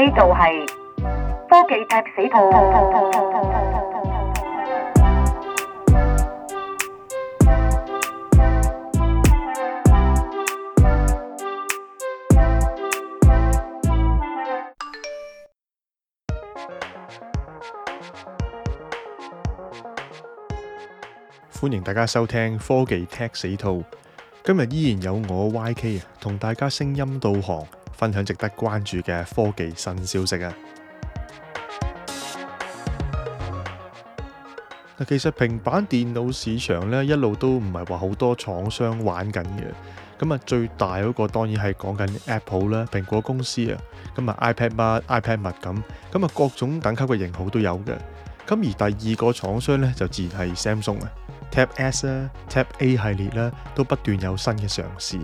呢度係科技踢死兔，歡迎大家收聽科技踢死兔。今日依然有我 YK 啊，同大家聲音導航。分享值得關注嘅科技新消息啊！嗱，其實平板電腦市場咧一路都唔係話好多廠商玩緊嘅，咁啊最大嗰個當然係講緊 Apple 啦，蘋果公司啊，咁啊 iPad 啦、iPad mini 咁，咁啊各種等級嘅型號都有嘅。咁而第二個廠商咧就自然係 Samsung 啊，Tab S 啊、Tab A 系列咧都不斷有新嘅嘗試。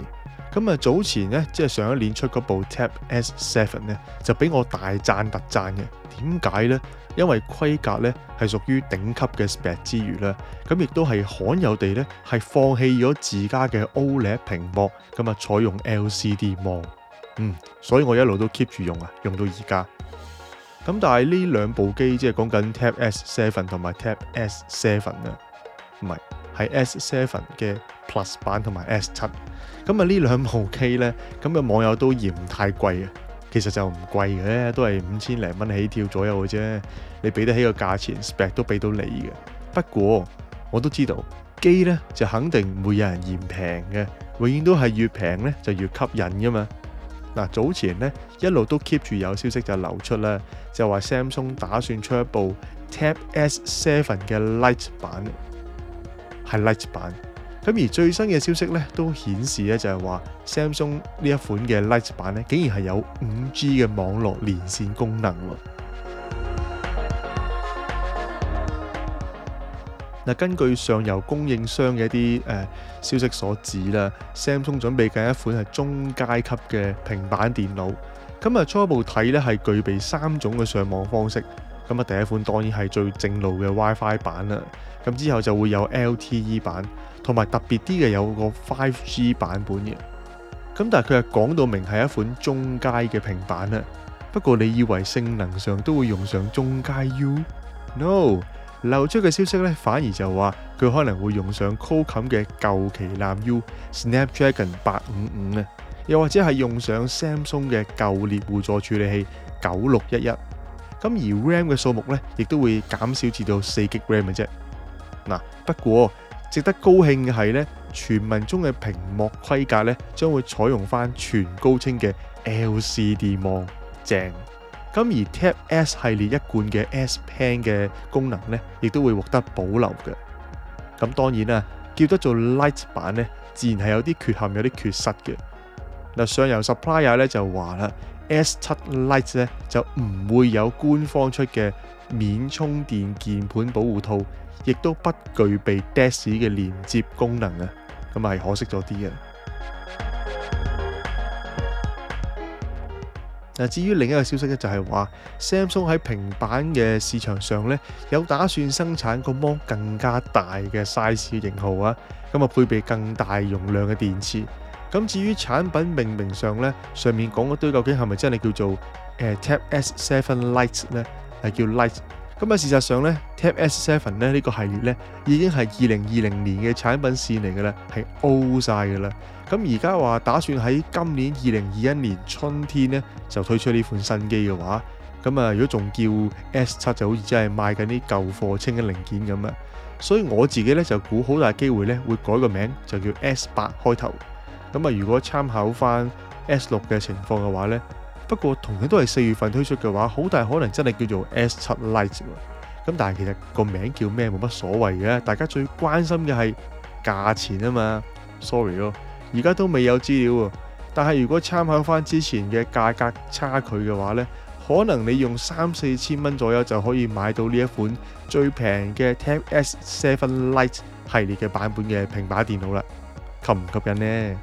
咁啊，早前咧，即係上一年出嗰部 Tab S Seven 咧，就俾我大讚特讚嘅。點解呢？因為規格咧係屬於頂級嘅 spec 之餘咧，咁亦都係罕有地咧係放棄咗自家嘅 OLED 屏幕，咁啊，採用 LCD 幕。嗯，所以我一路都 keep 住用啊，用到而家。咁但係呢兩部機，即係講緊 Tab S Seven 同埋 Tab S Seven 啊，唔係。係 S7 嘅 Plus 版同埋 S7，咁啊呢兩部機咧，咁嘅網友都嫌太貴啊，其實就唔貴嘅，都係五千零蚊起跳左右嘅啫。你俾得起個價錢，spec 都俾到你嘅。不過我都知道機咧就肯定唔會有人嫌平嘅，永遠都係越平咧就越吸引噶嘛。嗱，早前咧一路都 keep 住有消息就流出啦，就話 Samsung 打算出一部 Tab S7 嘅 Lite 版。係 Lite 版，咁而最新嘅消息咧，都顯示咧就係話 Samsung 呢一款嘅 Lite 版咧，竟然係有 5G 嘅網絡連線功能喎。嗱，根據上游供應商嘅一啲、呃、消息所指啦，Samsung 準備嘅一款係中階級嘅平板電腦，咁啊初步睇咧係具備三種嘅上網方式。咁咪第一款當然係最正路嘅 WiFi 版啦，咁之後就會有 LTE 版，同埋特別啲嘅有個 5G 版本嘅。咁但係佢係講到明係一款中階嘅平板啦。不過你以為性能上都會用上中階 U？No，漏出嘅消息呢反而就話佢可能會用上 Qualcomm 嘅舊旗艦 U Snapdragon 八五五，又或者係用上 Samsung 嘅舊獵戶座處理器九六一一。咁而 RAM 嘅數目咧，亦都會減少至到四 GB RAM 嘅啫。嗱、啊，不過值得高興嘅係咧，傳聞中嘅屏幕規格咧，將會採用翻全高清嘅 LCD 芒，正。咁而 Tab S 系列一貫嘅 S Pen 嘅功能咧，亦都會獲得保留嘅。咁當然啊，叫得做 Lite 版咧，自然係有啲缺陷、有啲缺失嘅。嗱，上游 supplier 咧就話啦。S7 Lite 咧就唔會有官方出嘅免充電鍵盤保護套，亦都不具備 DeX 嘅連接功能啊，咁啊係可惜咗啲嘅。嗱， 至於另一個消息咧、就是，就係話 Samsung 喺平板嘅市場上咧，有打算生產個芒更加大嘅 size 型號啊，咁啊配備更大容量嘅電池。咁至於產品命名上呢，上面講嗰堆究竟係咪真係叫做、呃、Tab S Seven Lite 呢？係叫 Lite 咁啊。事實上呢，Tab S Seven 呢、這個系列呢已經係二零二零年嘅產品線嚟㗎啦，係 out 晒㗎啦。咁而家話打算喺今年二零二一年春天呢就推出呢款新機嘅話，咁啊，如果仲叫 S 七就好似真係賣緊啲舊貨、清嘅零件咁啊。所以我自己呢就估好大機會呢會改個名，就叫 S 八開頭。咁啊！如果參考翻 S 六嘅情況嘅話咧，不過同樣都係四月份推出嘅話，好大可能真係叫做 S 七 Lite。咁但係其實個名叫咩冇乜所謂嘅，大家最關心嘅係價錢啊嘛。Sorry 咯，而家都未有資料喎。但係如果參考翻之前嘅價格差距嘅話咧，可能你用三四千蚊左右就可以買到呢一款最平嘅 Tab S Seven Lite 系列嘅版本嘅平板電腦啦。吸唔吸引咧？